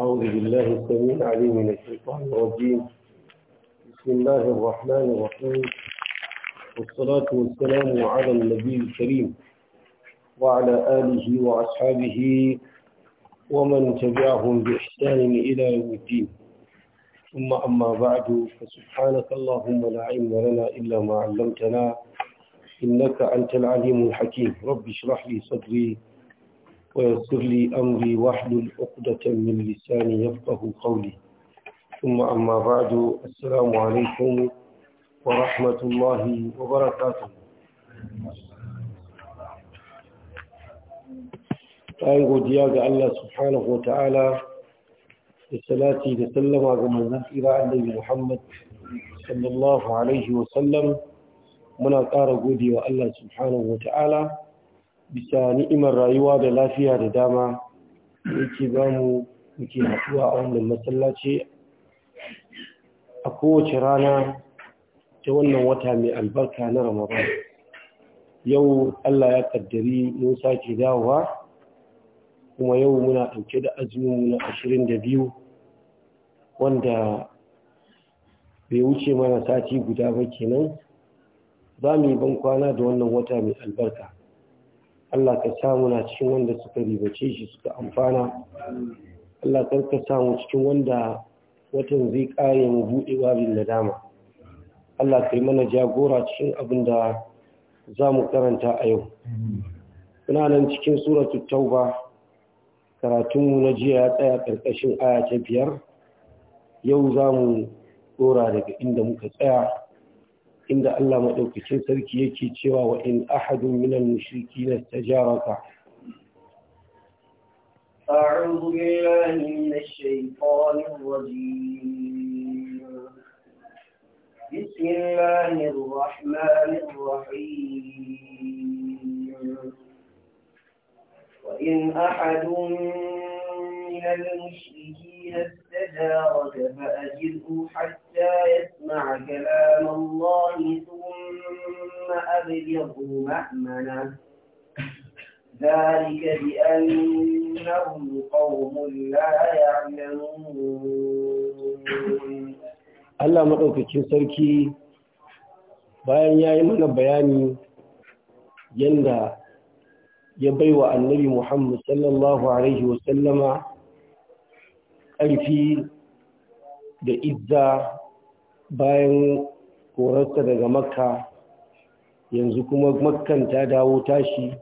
أعوذ بالله السميع العليم من الشيطان الرجيم بسم الله الرحمن الرحيم والصلاة والسلام على النبي الكريم وعلى آله وأصحابه ومن تبعهم بإحسان إلى يوم الدين ثم أما بعد فسبحانك اللهم لا علم لنا إلا ما علمتنا إنك أنت العليم الحكيم رب اشرح لي صدري ويسر لي أمري وحد الأقدة من لساني يفقه قولي ثم أما بعد السلام عليكم ورحمة الله وبركاته أيغو دياغ الله سبحانه وتعالى لسلاتي لسلم أغم إلى النبي محمد صلى الله عليه وسلم من أقار قودي الله سبحانه وتعالى bisa ni'imar rayuwa da lafiya da dama yake ba mu muke haɗuwa a wannan masallaci a kowace rana ta wannan wata mai albarka na ramadan yau allah ya kaddari mun sake dawowa kuma yau muna ɗauke da azumin na ashirin da biyu wanda bai wuce mana sati guda ba kenan za mu yi ban kwana da wannan wata mai albarka Allah ka samu na cikin wanda suka ribace shi suka amfana Allah ka samu cikin wanda watan zai kare mu buɗe babin nadama Allah ka yi mana jagora cikin abin da za mu karanta a yau Kuna nan cikin suratu tauba karatunmu na jiya ya tsaya ƙarƙashin aya ta biyar yau za mu ɗora daga inda muka tsaya inda Allah maɗaukacin sarki yake cewa wa in ahadun minal mushriki na tajaraka أعوذ بالله من الشيطان الرجيم بسم الله الرحمن الرحيم وإن أحد من المشركين جارك فأجره حتى يسمع كلام الله ثم أبلغه مأمنه ذلك بأنهم قوم لا يعلمون Allah maɗaukacin sarki bayan ya yi mana bayani yadda ya baiwa annabi Muhammad sallallahu Alaihi wasallama ƙarfi da izza bayan korarsa daga makka yanzu kuma makkan ta dawo tashi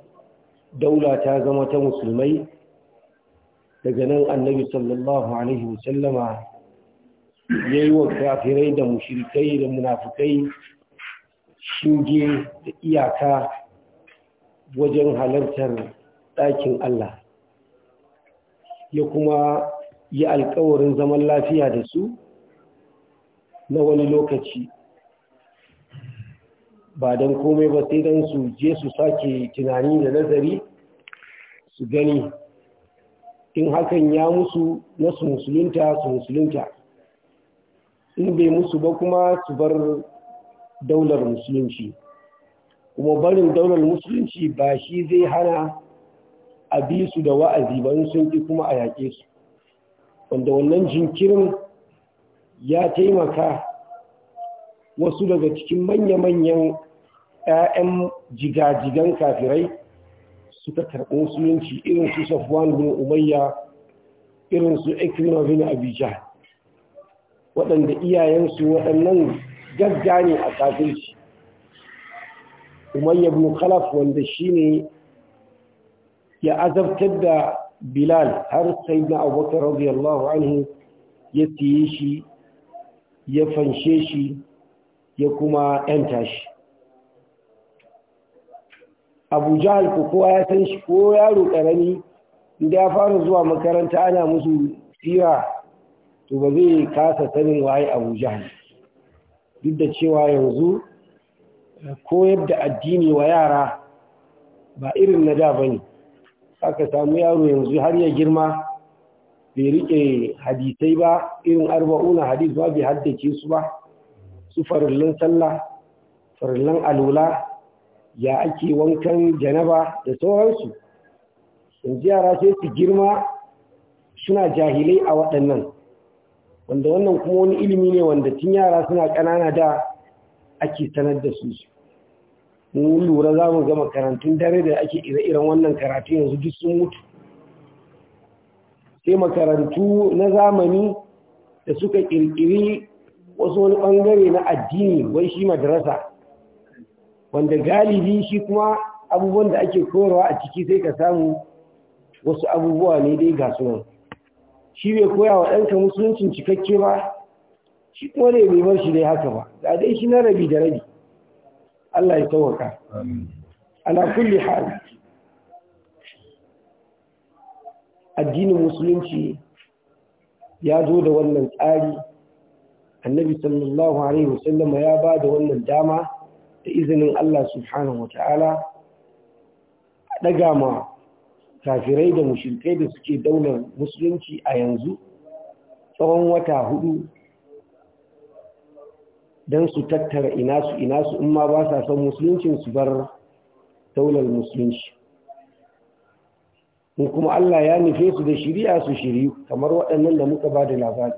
daula ta zama ta musulmai daga nan annabi sallallahu alaihi wasallama ya yi wa kafirai da mushirikai da munafukai shinge da iyaka wajen halartar ɗakin Allah ya kuma yi alkawarin zaman lafiya da su na wani lokaci ba don komai ba sai don su je su sake tunani da nazari su gani in hakan ya musu na su musulunta su musulunta in bai musu ba kuma su bar daular musulunci kuma barin daular musulunci ba shi zai hana a bi su da wa'azi ba sun ki kuma a yaƙe su wanda wannan jinkirin ya taimaka wasu daga cikin manya-manyan 'ya'yan jigajigan kafirai suka karɓi musulunci irin su safwan bin umayya irin su ikrima bin abijah waɗanda iyayensu waɗannan gagga ne a kafirci umayya bin khalaf wanda shine ya azabtar da bilal har sai na abubakar radiyallahu anhu ya tiye shi ya fanshe shi ya kuma ‘yanta shi abu jihar ko kowa ya san shi ko yaro ƙarami inda ya fara zuwa makaranta ana musu tsira to ba zai kasa sanin waye abu duk da cewa yanzu koyar da addini wa yara ba irin na da ba ne aka samu yaro yanzu har ya girma bai rike hadisai ba irin arba'una hadis ba bai haddace su ba su farillan sallah farillan alula ya ake wankan janaba da sauransu yanzu yara sai su girma suna jahilai a waɗannan wanda wannan kuma wani ilimi ne wanda tun yara suna ƙanana da ake sanar da su mun lura za mu gama karantun dare da ake ire-iren wannan karatu yanzu duk sun mutu sai makarantu na zamani da suka kirkiri wasu wani bangare na addini wai shi madrasa wanda galibi shi kuma abubuwan da ake koyarwa a ciki sai ka samu wasu abubuwa ne dai ga sunan shi bai koya wa ɗanka musuluncin cikakke ba shi kuma ne bai bar shi dai haka ba ga dai shi na rabi da rabi Allah ya tawaka ala kulli hal addinin musulunci ya zo da wannan tsari annabi sallallahu alaihi wasallam ya ba da wannan dama da izinin Allah subhanahu wata'ala a daga ma kafirai da mushrikai da suke daular musulunci a yanzu tsawon wata hudu don su tattara ina su ina su in ma ba sa son musuluncin su bar daular musulunci in kuma Allah ya nufe su da shiriya su shiriyu kamar waɗannan da muka ba da labari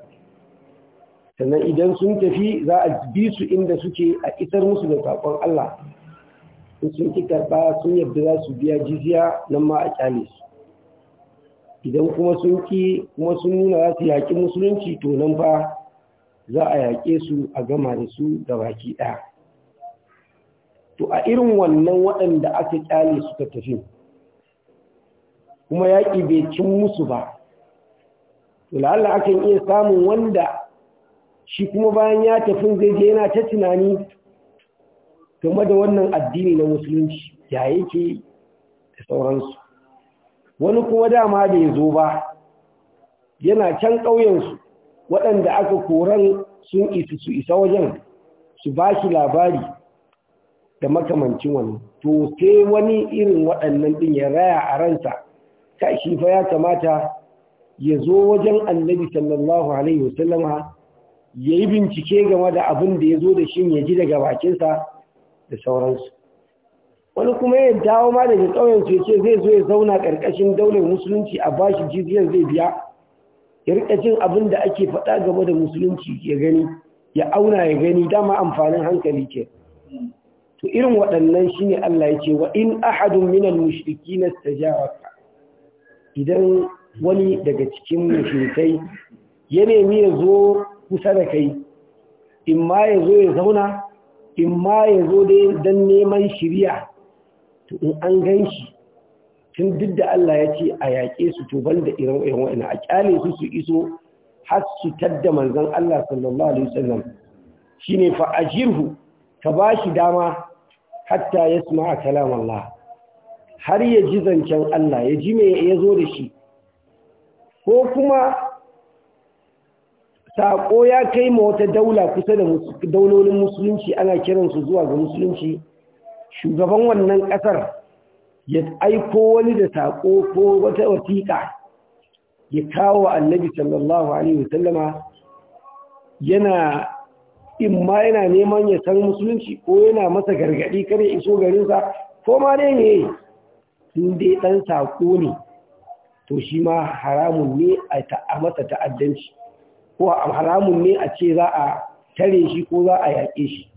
sannan idan sun tafi za a bi su inda suke a isar musu da saƙon Allah in sun ki karɓa sun yadda za su biya jiziya nan ma a kyale su idan kuma sun ki kuma sun nuna za su yaƙi musulunci to nan fa za a yaƙe su a gama da su da baki ɗaya to a irin wannan waɗanda aka ƙyale suka tafi kuma yaƙi bai cin musu ba to la'alla akan iya samun wanda shi kuma bayan ya tafi zai je yana ta tunani game da wannan addini na musulunci ya yake da sauransu wani kuma dama bai zo ba yana can ƙauyensu waɗanda aka koran sun isa su isa wajen su ba shi labari da makamancin wani to sai wani irin waɗannan ɗin ya raya a ransa ka shi fa ya kamata ya zo wajen annabi sallallahu alaihi wasallama ya yi bincike game da abin da ya zo da shi ya ji daga bakinsa da sauransu wani kuma ya dawo ma daga ƙauyen su ce zai zo ya zauna ƙarƙashin daular musulunci a bashi jiziyar zai biya ya rika jin abin da ake faɗa gaba da musulunci ya gani ya auna ya gani dama amfanin hankali ke to irin waɗannan shine Allah ya ce wa in ahadun minal mushrikina istajaraka idan wani daga cikin mushrikai ya nemi ya zo kusa da kai in ma ya zo ya zauna in ma ya zo dai don neman shirya to in an gan shi tun duk da Allah ya ce a yaƙe su to ban da irin irin wa'ina a ƙyale su su iso har su tadda manzon Allah sallallahu alaihi wasallam shine fa ajirhu ka ba shi dama hatta a kalam Allah har ya ji zancen Allah ya ji me ya zo da shi ko kuma saƙo ya kai ma wata daula kusa da daulolin musulunci ana kiransu zuwa ga musulunci shugaban wannan ƙasar ya aiko wani da saƙo ko wata wasiƙa ya kawo annabi sallallahu alaihi wasallama yana in ma yana neman ya san musulunci ko yana masa gargaɗi kare iso garinsa ko ma ne ne sun dai ɗan saƙo ne to shi ma haramun ne a masa ta'addanci ko haramun ne a ce za a tare shi ko za a yaƙe shi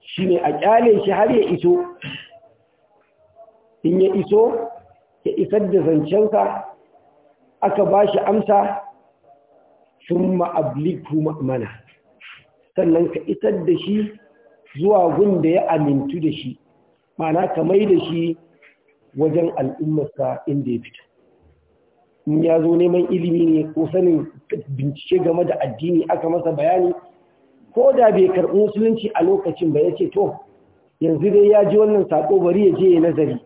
shi ne a ƙyale shi har ya iso in ya iso ya isar da zancenka aka ba shi amsa sun ma'abliku mana sannan ka isar da shi zuwa gunda ya amintu da shi mana ka mai da shi wajen al'ummarsa inda ya fito in ya zo neman ilimi ne ko sanin bincike game da addini aka masa bayani ko da bai karɓi musulunci a lokacin ba ya ce to yanzu dai ya ji wannan saƙo bari ya je ya nazari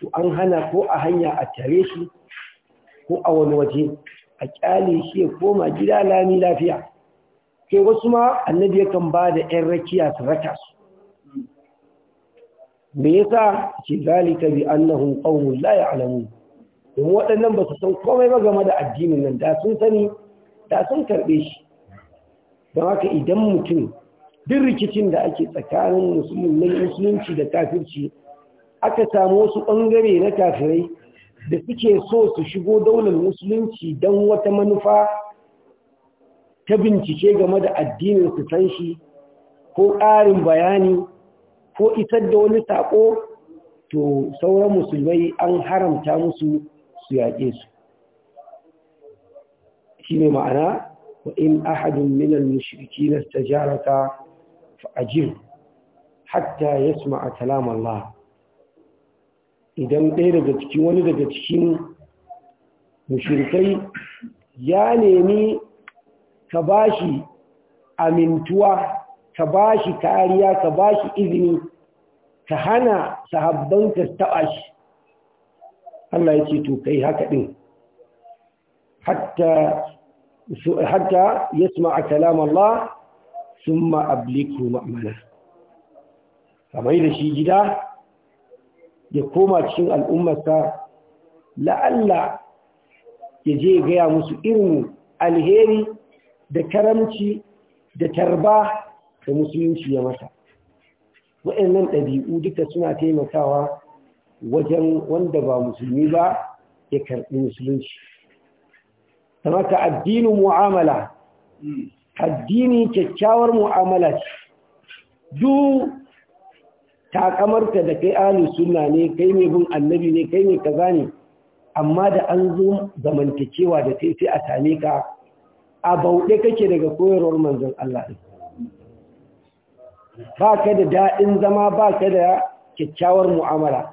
to an hana ko a hanya a tare shi ko a wani waje a kyale shi ya koma gida lami lafiya ke wasu ma annabi yakan ba da 'yan rakiya su raka su me yasa ce zalika bi annahum qaumun la ya'lamun don waɗannan ba su san komai ba game da addinin nan da sun sani da sun karɓe shi don haka idan mutum duk rikicin da ake tsakanin musulmin musulunci da kafirci aka samu wasu ɓangare na kafirai da suke so su shigo daular musulunci don wata manufa ta bincike game da addinin su san shi ko ƙarin bayani ko isar da wani saƙo to sauran musulmai an haramta musu su yaƙe su shi ne ma'ana wa in ahadun minan mashirki na stajarata fa'ajir hatta ya suma a Allah idan ɗaya daga cikin wani daga cikin mushirikai ya nemi ka bashi amintuwa ka bashi kariya ka bashi izini ka hana sahabban ka taɓa shi Allah ya ce to kai haka ɗin hatta ya suma a kalam Allah sun ma'abliku ma'amana kamar da shi gida ya koma cikin al'ummarsa la'alla ya je gaya musu irin alheri da karamci da tarba da musulunci ya masa waɗannan ɗabi'u duka suna taimakawa wajen wanda ba musulmi ba ya karɓi musulunci ta addinin mu'amala hmm. addini kyakkyawar mu'amala duk Ta takamarka da kai ahli sunna ne kai ne bin annabi ne kai ne kaza ne amma da an zo zamantakewa da kai sai a same ka a bauɗe kake daga koyarwar manzon Allah ba ka da daɗin zama ba ka da kyakkyawar mu'amala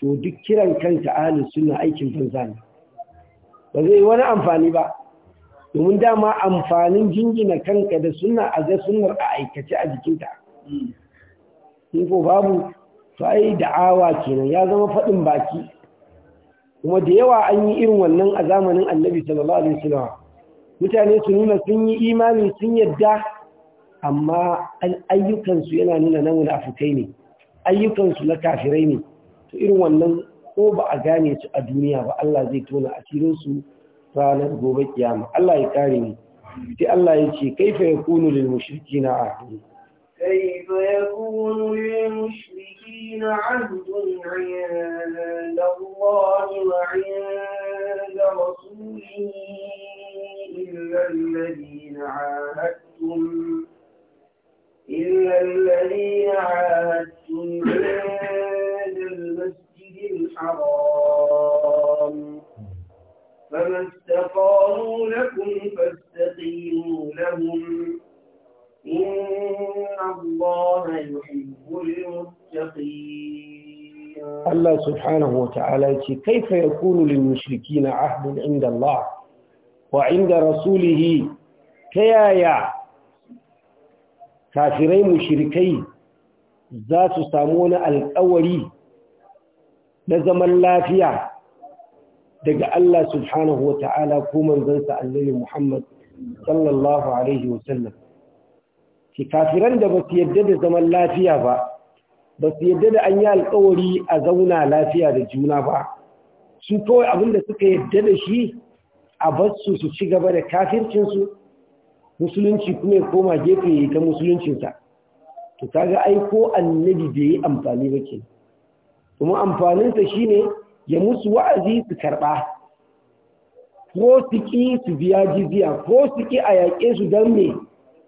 to duk kiran kanka ahli sunna aikin banza ne ba zai wani amfani ba domin dama amfanin jingina kanka da sunna a ga sunnar a aikace a jikinta sai ko babu to ai da'awa kenan ya zama faɗin baki kuma da yawa an yi irin wannan a zamanin annabi sallallahu alaihi wasallam mutane su nuna sun yi imani sun yadda amma ayyukansu yana nuna na afukai ne ayyukansu na kafirai ne to irin wannan ko ba a gane su a duniya ba Allah zai tona su ranar gobe kiyama Allah ya kare ni sai Allah ya ce kaifa yakunu lil mushrikina ahli كيف يكون للمشركين عهد عند الله وعند رسوله إلا الذين عاهدتم إلا الذين عاهدتم عند المسجد الحرام فما استقاموا لكم فاستقيموا لهم Allah subhanahu wa ta’ala ce, Kai fa ya kunu limushirki na ahdun inda Allah, wa inda rasulihi ta yaya kafirai mushirkai za su samu wani alkawari na zaman lafiya daga Allah subhanahu wa ta’ala ko manzansa annabi Muhammad sallallahu Alaihi wasallam. Ki kafiran da basu su yadda da zaman lafiya ba basu su yadda da an yi alkawari a zauna lafiya da juna ba su kawai abin da suka yadda da shi a basu su ci gaba da kafircinsu musulunci kuma ya koma gefe ya ta musuluncinsa to kaga ai ko annabi bai yi amfani ba ke kuma amfaninsa shine ya musu wa'azi su karɓa ko su ki su biya jizya ko su ki a yaƙe su don me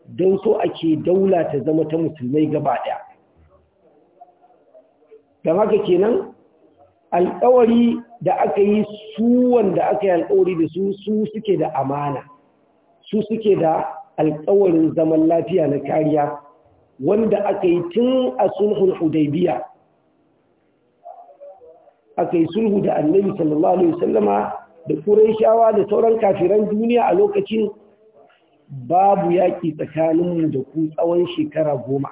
don so ake daula ta zama ta musulmai gaba ɗaya don haka kenan alkawari da aka yi su wanda aka yi alkawari da su su suke da amana su suke da alkawarin zaman lafiya na kariya wanda aka yi tun a sulhun hudaibiya aka yi sulhu da annabi sallallahu alaihi wasallama da Shawa da sauran kafiran duniya a lokacin babu yaƙi tsakaninmu da ku tsawon shekara goma.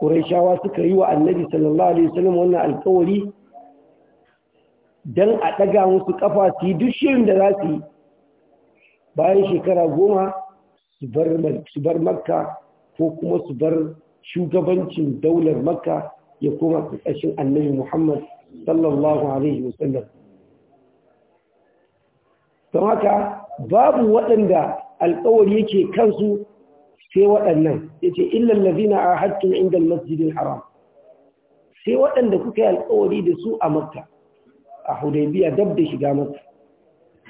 Ƙuraishawa suka yi wa annabi sallallahu Alaihi wasallam wannan alkawari don a ɗaga musu ƙafa su yi duk shirin da za su yi bayan shekara goma su bar makka ko kuma su bar shugabancin daular makka ya koma ƙarƙashin annabi Muhammad sallallahu Alaihi wasallam. don haka babu waɗanda alƙawari yake kansu sai waɗannan ya ce illan lazina a haƙƙin inda masjidin haram sai waɗanda kuka yi alƙawari da su a makka a hudaibiya dab da shiga makka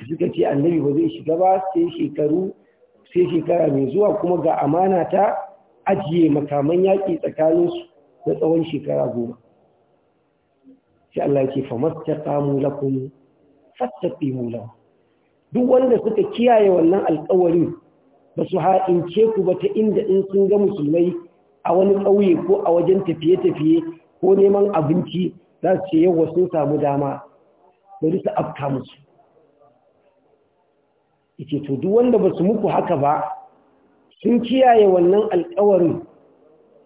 suka ce annabi ba zai shiga ba sai shekaru sai shekara mai zuwa kuma ga amana ta ajiye makaman yaƙi tsakaninsu na tsawon shekara goma sai Allah ya ce fa mastaqamu lakum fastaqimu lahum duk wanda suka kiyaye wannan alƙawarin ba su ha'ince ku ba ta inda in sun ga musulmai a wani ƙauye ko a wajen tafiye-tafiye ko neman abinci za su ce yawa sun samu dama bari su afka musu ike to duk wanda ba su muku haka ba sun kiyaye wannan alƙawarin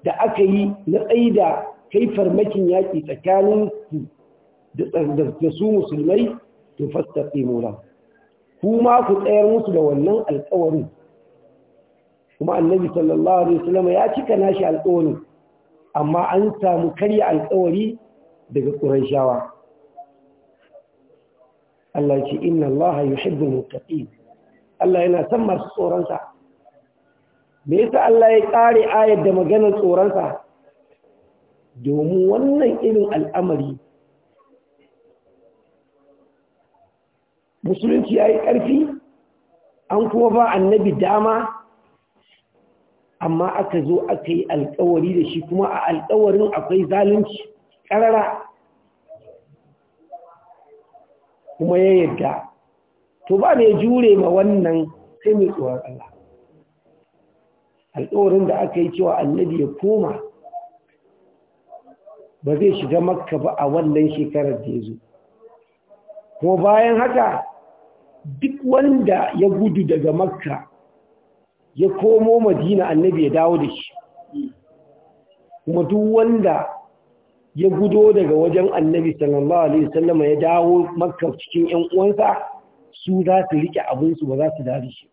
da aka yi na tsaida kai farmakin yaƙi tsakanin da su musulmai to fasta tsimura kuma ku tsayar musu da wannan alƙawarin kuma annabi sallallahu alaihi wasallam ya cika nashi alƙawarin amma an samu karya alƙawari daga ƙurayshawa Allah ce inna Allah yuhibbul muttaqin Allah yana son masu tsoronsa me yasa Allah ya kare ayar da maganar tsoronsa domin wannan irin al'amari musulunci ya yi ƙarfi an kuma ba annabi dama amma aka zo aka yi alkawari da shi kuma a alkawarin akwai zalunci ƙarara kuma ya yadda to ba ya jure ma wannan sai mai tsohon Allah alkawarin da aka yi cewa annabi ya koma ba zai shiga makka ba a wannan shekarar da ya zo ko bayan haka duk wanda ya gudu daga makka ya komo madina annabi ya dawo da shi kuma duk wanda ya gudu daga wajen annabi sallallahu alaihi wasallam ya dawo makka cikin ƴan uwansa su za su rike abinsu ba za su dawo shi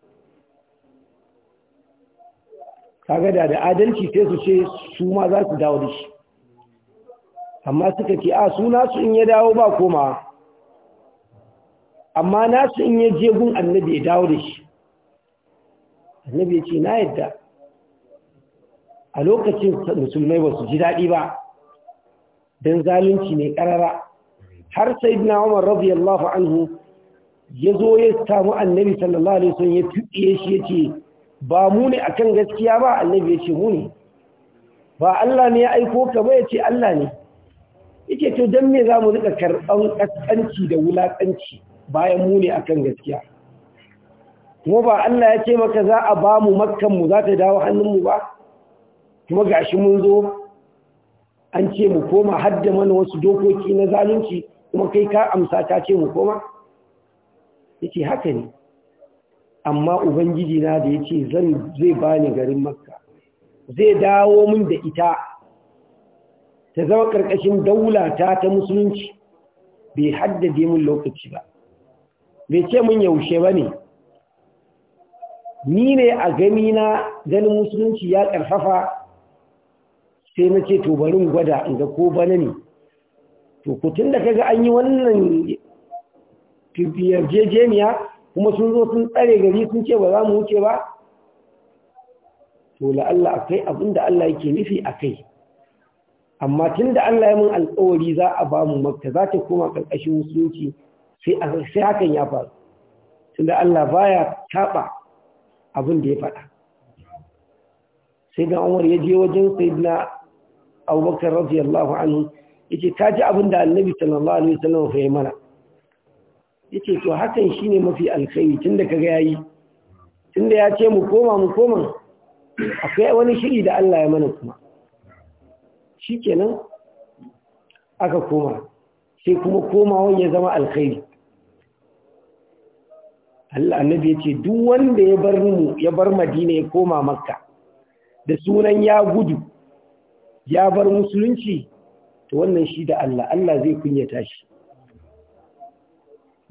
kaga da da adalci sai su ce su ma za su dawo da shi amma suka ce a suna su in ya dawo ba komawa amma nasu in ya je gun annabi ya dawo da shi annabi ya ce na yadda a lokacin musulmai ba su ji daɗi ba don zalunci mai ƙarara har sai na umar radiyallahu anhu ya zo ya samu annabi sallallahu alaihi wasallam ya tuɗe shi ya ce ba mu ne a kan gaskiya ba annabi ya ce mu ne ba Allah ne ya aiko ka ba ya ce Allah ne yake to don me za mu riƙa karɓan ƙasƙanci da wulaƙanci bayan mu ne akan gaskiya kuma ba Allah ya ce maka za a ba mu makkan mu za ta dawo hannun mu ba kuma gashi mun zo an ce mu koma hadda mana wasu dokoki na zalunci kuma kai ka amsa ta ce mu koma yace haka ne amma ubangiji na da yace zan zai bani garin makka zai dawo mun da ita ta zama karkashin daula ta ta musulunci bai haddade min lokaci ba bai ce mun yaushe ba ne ni ne a gani na ganin musulunci ya ƙarfafa sai na ce to gwada inda ko bana ne to kutun da kaga an yi wannan yarjejeniya kuma sun zo sun tsare gari sun ce ba za mu wuce ba to la'alla akai abinda Allah yake nufi akai amma tun da Allah ya mun alkawari za a ba mu makka za ta koma ƙarƙashin musulunci sai hakan ya faru tunda Allah baya taɓa abin da ya faɗa sai da Umar ya je wajen Sayyidina Abubakar radiyallahu anhu yace ka ji abin da Annabi sallallahu alaihi wasallam ya yi mana yace to hakan shine mafi alkhairi tunda kaga yayi tunda ya ce mu koma mu koma akwai wani shiri da Allah ya mana kuma shikenan aka koma sai kuma komawa ya zama alkhairi Allah annabi ya ce duk wanda ya bar mu ya bar Madina ya koma Makka da sunan ya gudu ya bar musulunci to wannan shi da Allah Allah zai kunyata shi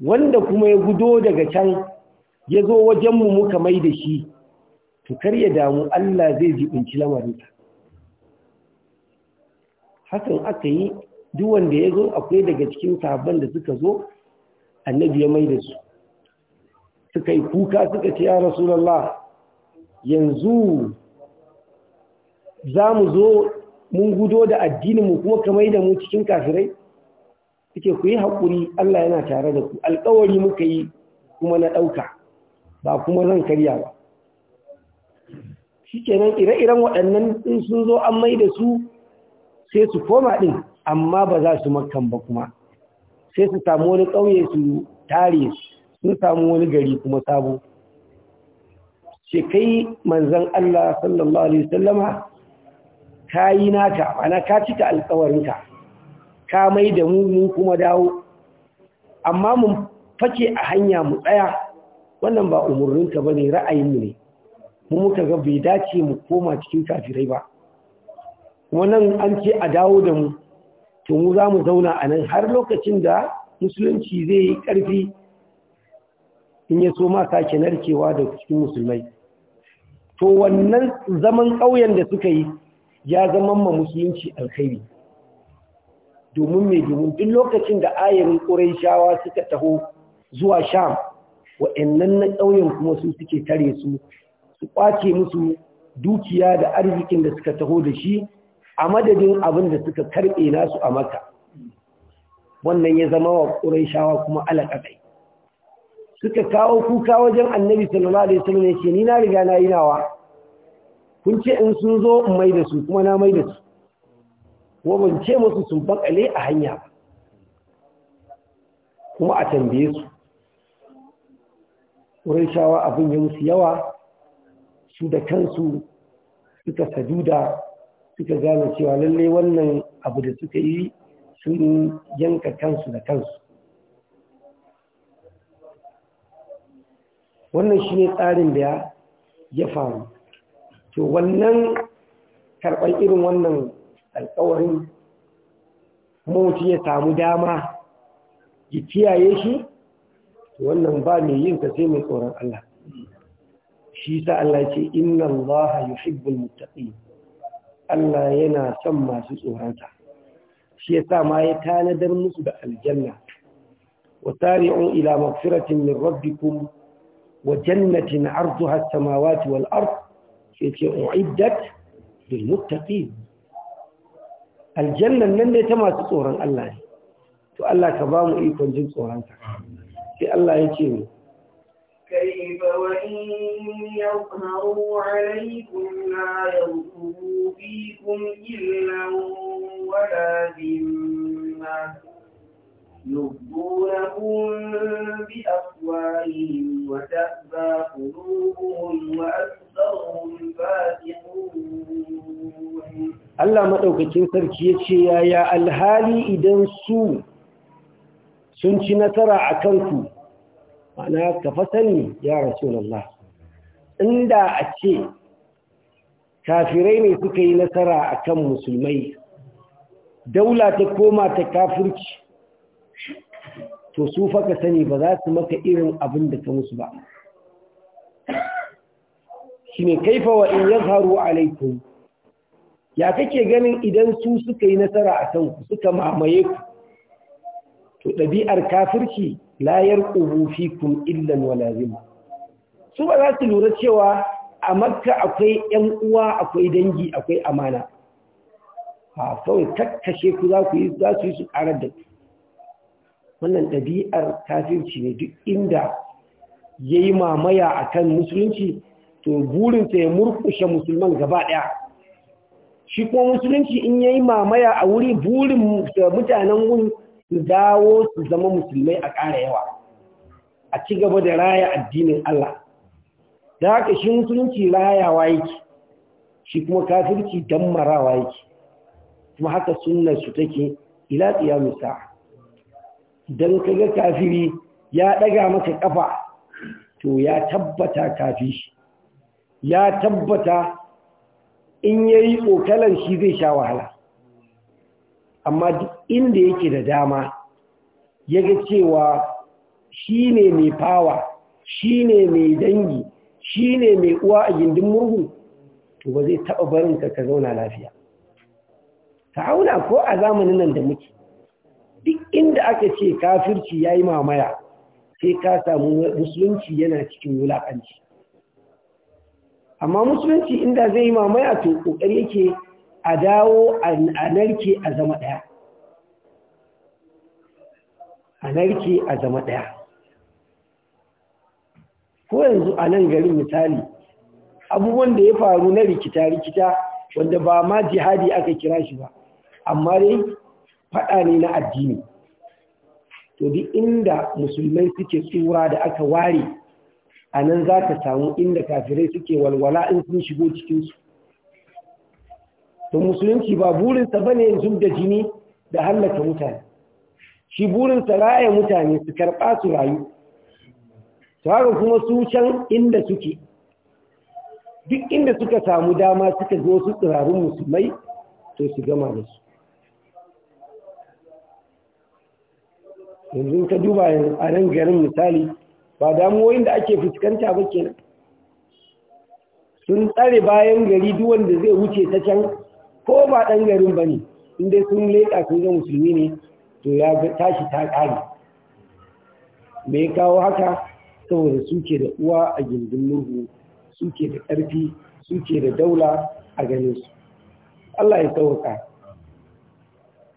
wanda kuma ya gudo daga can ya zo wajen mu muka mai da shi to kar ya damu Allah zai ji lamarin ka. hakan aka yi duk wanda ya zo akwai daga cikin sahabban da suka zo annabi ya mai da su suka yi kuka suka ce ya rasulallah yanzu za mu zo mun gudo da addininmu kuma kamar da mu cikin kafirai suke ku yi haƙuri Allah yana tare da ku alƙawari muka yi kuma na ɗauka ba kuma zan karya ba shi kenan ire-iren waɗannan ɗin sun zo an mai da su sai su koma ɗin amma ba za su makan ba kuma sai su samu wani ƙauye su tare su sun samu wani gari kuma sabo ce kai manzan Allah sallallahu alaihi wasallama ka yi naka ana ka cika alkawarinka ka mai da mu mun kuma dawo amma mun fake a hanya mu tsaya wannan ba umurninka bane mu ne mu muka ga bai dace mu koma cikin kafirai ba kuma nan an ce a dawo da mu to mu za mu zauna a nan har lokacin da musulunci zai yi ƙarfi in ya so ma sake narkewa da cikin musulmai to wannan zaman ƙauyen da suka yi ya zama ma musulunci alkhairi domin mai domin duk lokacin da ayarin ƙuraishawa suka taho zuwa sham wa'annan na ƙauyen kuma su suke tare su su ƙwace musu dukiya da arzikin da suka taho da shi a madadin abin da suka karɓe nasu a maka wannan ya zama wa ƙuraishawa kuma alaƙaƙai suka kawo kuka wajen annabi sallallahu alaihi wasallam yake ni na riga na yi nawa kun ce in sun zo in mai da su kuma na mai da su Ko ban ce musu sun bakale a hanya ba kuma a tambaye su shawa abin ya musu yawa su da kansu suka saduda suka gane cewa lalle wannan abu da suka yi sun yanka kansu da kansu wannan shi ne tsarin da ya faru to wannan karɓar irin wannan alkawarin mawuci ya samu dama ya kiyaye shi wannan ba mai yin ta sai mai tsoron Allah shi sa Allah ce inna Allah yuhibbul mutaɓi Allah yana son masu tsoronsa shi ya sa ma ya tanadar musu da aljanna wa tari'un ila magfiratin min rabbikum wa jannatin arduha as-samawati wal sai ce uiddat lil muttaqin aljannan nan ne ta masu tsoron Allah ne to Allah ka bamu ikon jin tsoronka sai Allah ya ce mu كيف وإن يظهروا عليكم لا يرقبوا فيكم إلا ولا ذمة يبدونهم بأفواههم وتأبى قلوبهم وأكثرهم Allah maɗaukakin sarki yace yaya alhali idan su sun ci nasara a kanku ma'ana ka fasani ya Allah inda a ce kafirai ne suka yi nasara a kan musulmai daula ta koma ta kafirci to su fa ka sani ba za su maka irin abin da ka musu ba shine kaifa wa in yazharu alaikum ya kake ganin idan su suka yi nasara a kanku suka mamaye ku to ɗabi'ar kafirci la yarqubu fikum illan wala su ba za su lura cewa a makka akwai ‘yan uwa akwai dangi akwai amana a kawai kakkashe ku za ku za su yi su ƙarar da ku wannan ɗabi'ar kafirci ne duk inda ya yi mamaya a kan musulunci to burinsa ya murkushe musulman gaba ɗaya shi kuma musulunci in ya yi mamaya a wuri burin mutanen wuri su dawo su zama musulmai a ƙara yawa a ci gaba da raya addinin Allah da haka shi musulunci rayawa yake shi kuma kafirci marawa yake kuma haka sunnar su take ila qiyamis sa'a don kaga kafiri ya ɗaga maka ƙafa to ya tabbata kafi shi ya tabbata in ya yi shi zai sha wahala amma inda yake da dama ya ga cewa shi ne mai fawa shi ne mai dangi shi ne mai uwa a gindin murhu to ba zai taɓa barinka ka zauna lafiya ta auna ko a zamanin nan da muke inda aka ce kafirci ya yi mamaya sai ka samu musulunci yana cikin wulaƙanci amma musulunci inda zai yi mamaya to ƙoƙari yake a dawo a narke a zama ɗaya a narke a zama ɗaya ko yanzu a nan garin misali abubuwan da ya faru na rikita-rikita wanda ba ma jihadi aka kira shi ba amma dai faɗa ne na addini to duk inda musulmai suke tsura da aka ware a nan za ka samu inda kafirai suke walwala in sun shigo cikinsu to musulunci ba burinsa ba ne zub da jini da hallaka mutane shi burinsa raya mutane su karɓa su rayu tare kuma su can inda suke duk inda suka samu dama suka zo su tsirarun musulmai to su gama da su yanzu ka duba a nan garin misali ba damuwoyin da ake fuskanta ba kenan sun tsare bayan gari duk wanda zai wuce ta can ko ba ɗan garin ba ne inda sun leƙa sun ga musulmi ne to ya tashi ta ƙari me ya kawo haka saboda suke da uwa a gindin murhu suke da ƙarfi suke da daula a ganin su Allah ya sauraka.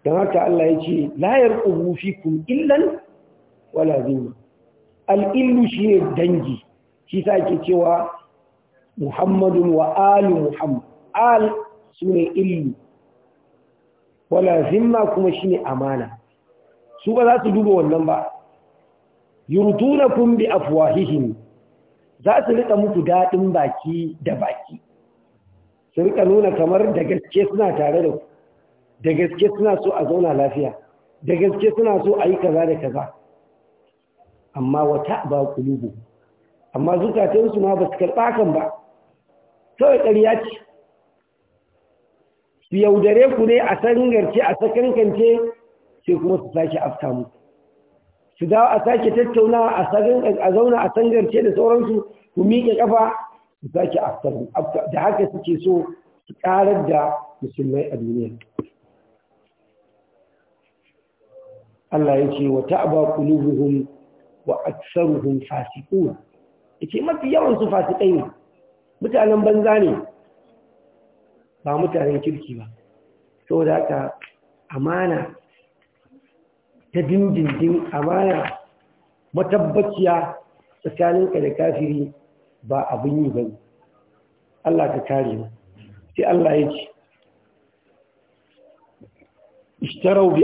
don haka Allah ya ce layar ƙurufi kun illan wala zini al'illu shi ne dangi shi sa ke cewa muhammadun wa alu muhammad al su ne illu wala zimma kuma shi ne amana su ba za su duba wannan ba yurtuna kun bi afwahihim za su rika muku daɗin baki da baki su rika nuna kamar da gaske suna tare da ku da gaske suna so a zauna lafiya da gaske suna so a yi kaza da kaza amma wata ba kulubu amma zukatansu ma ba su karɓa kan ba kawai ƙarya ce su yaudare ku ne a sangarce a sakankance sai kuma su sake afta mu su dawo a sake tattaunawa a zauna a sangarce da sauransu ku miƙe ƙafa su sake afta da haka suke so su ƙarar da musulmai a duniya Allah ya ce wa ta'aba qulubuhum wa aktsaruhum fasiqun yace mafi yawan su fasikai ne mutanen banza ne ba mutanen kirki ba saboda haka amana ta dindindin amana matabbaciya tsakaninka da kafiri ba abin yi ba. Allah ka kare mu sai Allah ya ce ishtaraw bi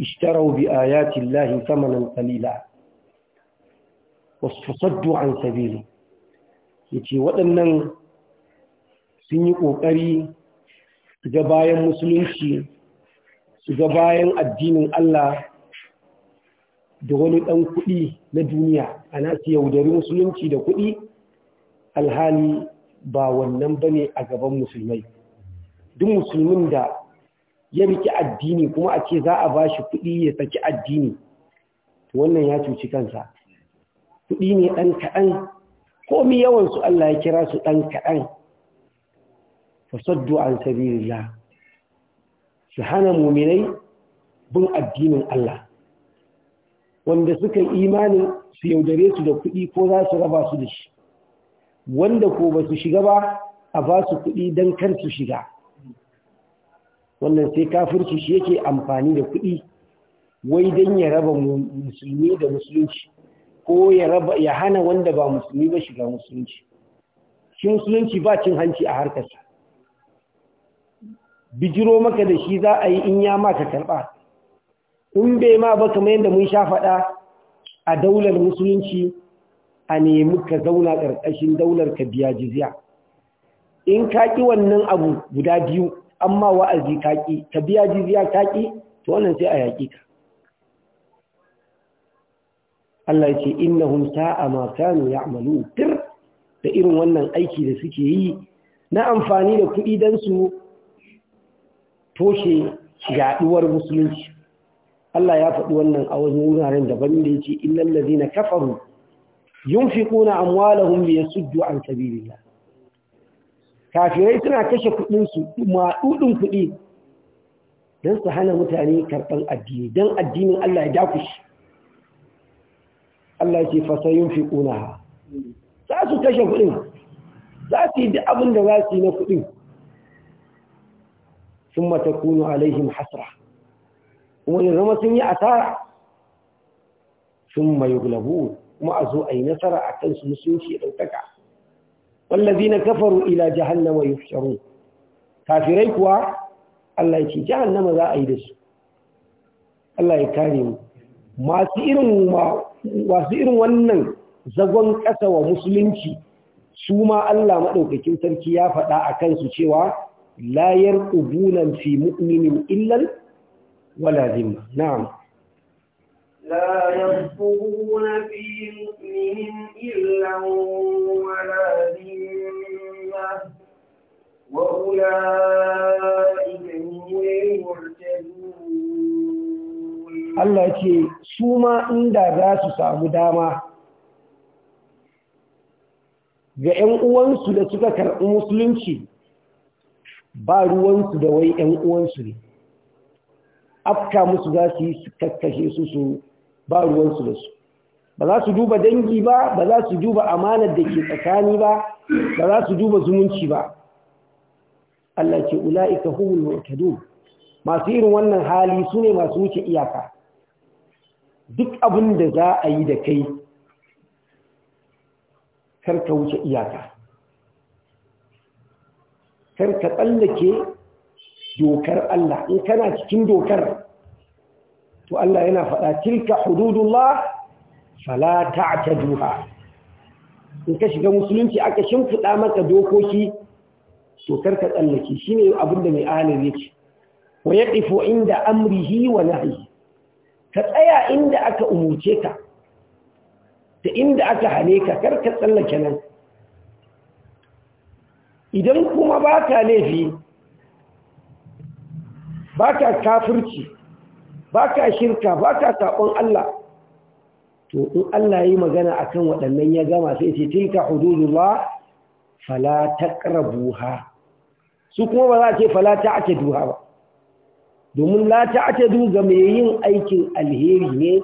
اشتروا بآيات الله ثمنا قليلا واصتصدوا عن سبيله yace waɗannan sun yi ƙoƙari su ga bayan musulunci su ga bayan addinin Allah da wani ɗan kuɗi na duniya ana su yaudari musulunci da kuɗi alhali ba wannan ba ne a gaban musulmai duk musulmin da ya riki addini kuma a ce za a ba shi kuɗi ya saki addini wannan ya cuci kansa kuɗi ne ɗan kaɗan komi yawansu Allah ya kira su ɗan kaɗan fasaddu an sabilillah su hana muminai bin addinin Allah wanda suka imanin su yaudare su da kuɗi ko za su raba su da shi wanda ko ba su shiga ba a ba su kuɗi don kar su shiga wannan sai kafirci shi yake amfani da kuɗi wai don ya raba musulmi da musulunci ko ya hana wanda ba musulmi ba shiga musulunci shi musulunci ba cin hanci a harkarsa bijiro maka da shi za a yi in ya maka karɓa in bai ma ba kamar yadda mun sha faɗa a daular musulunci a nemi ka zauna ƙarƙashin daular ka biya jizya in ka ki wannan abu guda biyu amma wa'azi ƙi, ta biya jiziya ƙi, to wannan sai a yaƙi ka Allah ya ce innahum sa'a ma kanu ya'malu tir da irin wannan aiki da suke yi na amfani da kuɗi dan su toshe yaɗuwar musulunci Allah ya faɗi wannan a wajen wuraren daban da ya ce illal ladina kafaru yunfiquna amwalahum liyasuddu an sabilillah kafirai suna kashe kudinsu maɗuɗin kuɗi don su hana mutane karɓar addini don addinin Allah ya dakushi Allah ce fasayin fi ƙunaha. za su kashe kuɗin za su yi da abin da za su yi na kuɗin sun mata kunu alaihim hasra kuma ya zama sun yi asara sun mai gulabu kuma a zo a yi nasara a kansu musulunci ɗaukaka wallazina kafaru ila jahannama yuhsharun kafirai kuwa Allah ya ce jahannama za a yi da su Allah ya kare mu masu irin irin wannan zagon ƙasa wa musulunci su ma Allah maɗaukakin sarki ya faɗa a kansu cewa layar ubunan fi mu'minin illal wala zimma na'am لا يرقبون في مؤمن إلا ولا ذمة وأولئك هم المعتدون الله يكي سوما ga ‘yan uwansu da suka karɓi musulunci ba ruwansu da wai ‘yan uwansu ne, afka musu za su yi su kakkashe su su ba ruwansu da su ba za su duba dangi ba ba za su duba amanar da ke tsakani ba ba za su duba zumunci ba Allah ce ula'ika humul mu'tadu masu irin wannan hali su ne masu wuce iyaka duk abin da za a yi da kai karka wuce iyaka Kar ka tsallake dokar Allah in kana cikin dokar to Allah yana faɗa tilka hududullah fala ta'taduha in ka shiga musulunci aka shimfiɗa maka dokoki to karka tsallake shine abin da mai alim yake wa yaqifu inda amrihi wa nahyi ka tsaya inda aka umurce ka da inda aka hane ka karka tsallake nan idan kuma ba ka laifi ba kafirci ba ka shirka ba ka saƙon Allah to in Allah yi magana a kan waɗannan ya gama sai ce tilka hududullah fala taqrabuha su kuma ba za a ce fala duha ba domin la ta'tadu ga mai yin aikin alheri ne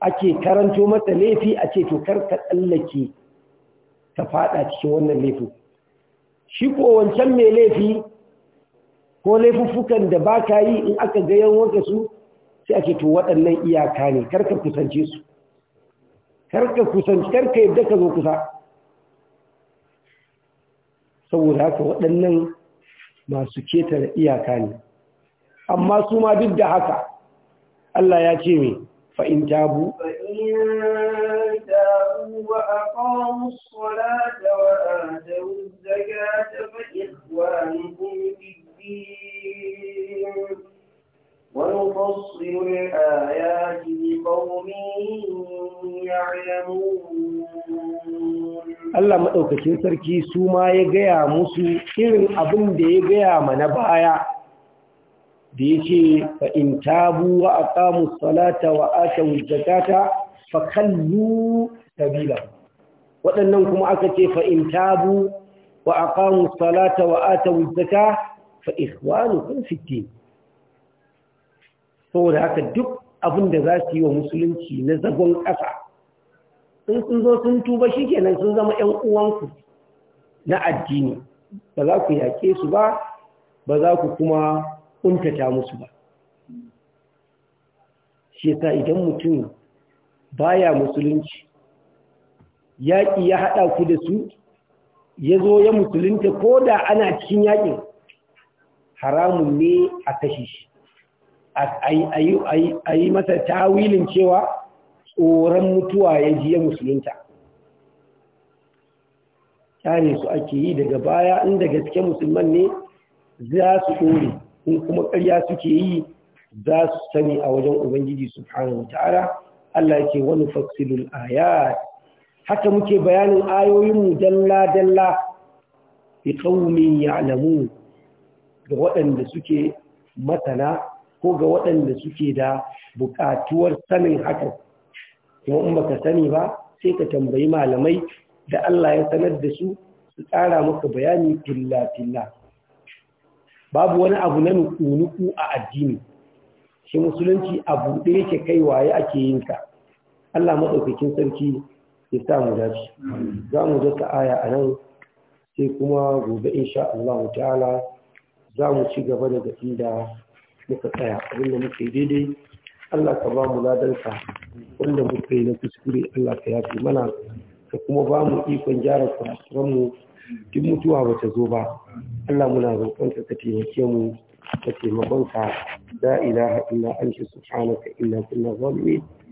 ake karanto mata laifi a ce to kar ka tsallake ka fada cikin wannan laifin shi ko wancan mai laifi ko laifuffukan da ba ka yi in aka ga yawanka su sai ake to waɗannan iyaka ne karka kusance su karka kusance karka yadda ka zo kusa saboda haka waɗannan masu ketare iyaka ne amma su ma duk da haka Allah ya ce mai fa'in tabu حكيم ونفصل الآيات لقوم يعلمون Allah maɗaukacin sarki su ma ya gaya musu irin abin da ya gaya mana baya da ya ce fa'in ta wa a kamus salata wa ake wujjakata fa kallu sabila waɗannan kuma aka ce fa'in tabu wa a kamus salata wa ake wujjaka fa fiti saboda haka duk abin da za su yi wa musulunci na zagon ƙasa in sun zo sun tuba shi kenan sun zama 'yan uwanku na addini ba za ku yaƙe su ba ba za ku kuma ƙuntata musu ba shi yasa idan mutum baya musulunci yaƙi ya haɗa ku da su ya zo ya musulunta ko da ana cikin yaƙin haramun ne a kashe shi a yi masa tawilin cewa tsoron mutuwa ya ji ya musulunta kyale su ake yi daga baya inda gaske musulman ne za su ɗore in kuma ƙarya suke yi za su sani a wajen ubangiji subhanahu wa ta'ala Allah ya ce wani faksilul ayat haka muke bayanin ayoyinmu dalla-dalla bi qaumin ya'lamun ga waɗanda suke masana ko ga waɗanda suke da buƙatuwar sanin haka kuma in baka sani ba sai ka tambayi malamai da Allah ya sanar da su su tsara maka bayani filla-filla babu wani abu na nuku nuku a addini shi musulunci abu ɗaya yake kai waye ake yin ka Allah maɗaukakin sarki ya sa mu dace za mu dasa aya a nan sai kuma gobe insha Allah ta'ala za mu ci gaba daga inda muka tsaya abinda muke daidai Allah ka ba mu ladanka wanda muka yi na kuskure Allah ka yafi mana ka kuma ba mu ikon gyara mu duk mutuwa ba ta zo ba Allah muna roƙonka ka taimake mu ka taimakonka la ilaha illa anta subhanaka inna kunna zalimin